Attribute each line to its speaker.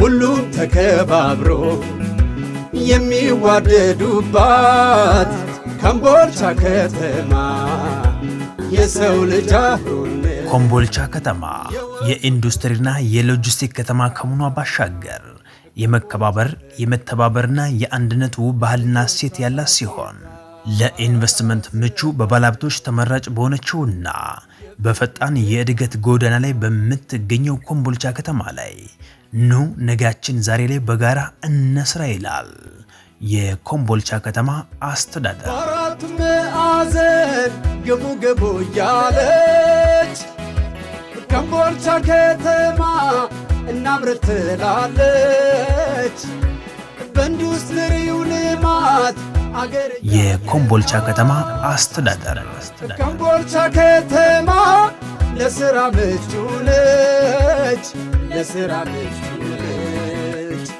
Speaker 1: ሁሉም ተከባብሮ የሚዋደዱባት ኮምቦልቻ ከተማ የሰው ልጅ
Speaker 2: ኮምቦልቻ ከተማ የኢንዱስትሪና የሎጂስቲክ ከተማ ከመሆኗ ባሻገር የመከባበር የመተባበርና የአንድነት ውብ ባህልና እሴት ያላት ሲሆን ለኢንቨስትመንት ምቹ በባለሀብቶች ተመራጭ በሆነችውና በፈጣን የእድገት ጎዳና ላይ በምትገኘው ኮምቦልቻ ከተማ ላይ ኑ ነጋችን ዛሬ ላይ በጋራ እንስራ ይላል የኮምቦልቻ ከተማ አስተዳደር።
Speaker 1: አራት ማዕዘን ግቡ ግቡ እያለች ኮምቦልቻ ከተማ እናምርት ትላለች በእንዱስትሪ
Speaker 2: የኮምቦልቻ ከተማ አስተዳደር
Speaker 1: ኮምቦልቻ ከተማ ለስራ ምቹ ነች። ለስራ ምቹ